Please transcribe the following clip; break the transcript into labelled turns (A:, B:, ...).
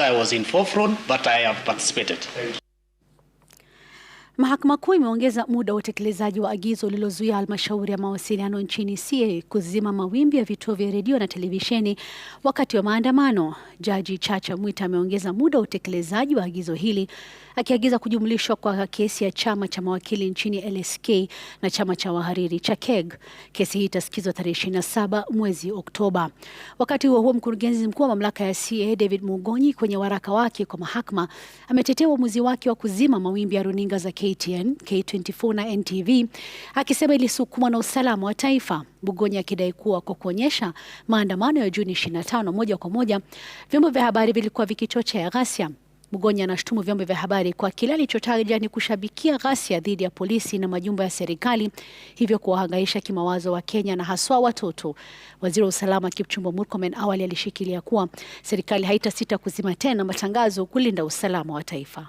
A: I was in forefront, but I have participated.
B: Mahakama Kuu imeongeza muda wa utekelezaji wa agizo lililozuia halmashauri ya mawasiliano nchini CA kuzima mawimbi ya vituo vya redio na televisheni wakati wa maandamano. Jaji Chacha Mwita ameongeza muda wa utekelezaji wa agizo hili, akiagiza kujumlishwa kwa kesi ya chama cha mawakili nchini LSK na chama cha wahariri cha KEG. Kesi hii itasikizwa tarehe 27 mwezi Oktoba. Wakati huo huo, mkurugenzi mkuu wa mamlaka ya CA David Mugonyi, kwenye waraka wake kwa mahakama, ametetea uamuzi wake wa kuzima mawimbi ya runinga za K e KTN, K24 na NTV akisema ilisukumwa na usalama wa taifa. Bugonya akidai kuwa kwa kuonyesha maandamano ya Juni 25 moja kwa moja, vyombo vya habari vilikuwa vikichochea ghasia. Bugonya anashutumu vyombo vya habari kwa kile alichotaja ni kushabikia ghasia dhidi ya polisi na majumba ya serikali, hivyo kuwahangaisha kimawazo wa Kenya na haswa watoto. Waziri wa usalama Kipchumba Murkomen awali alishikilia kuwa serikali haitasita kuzima tena matangazo kulinda usalama wa taifa.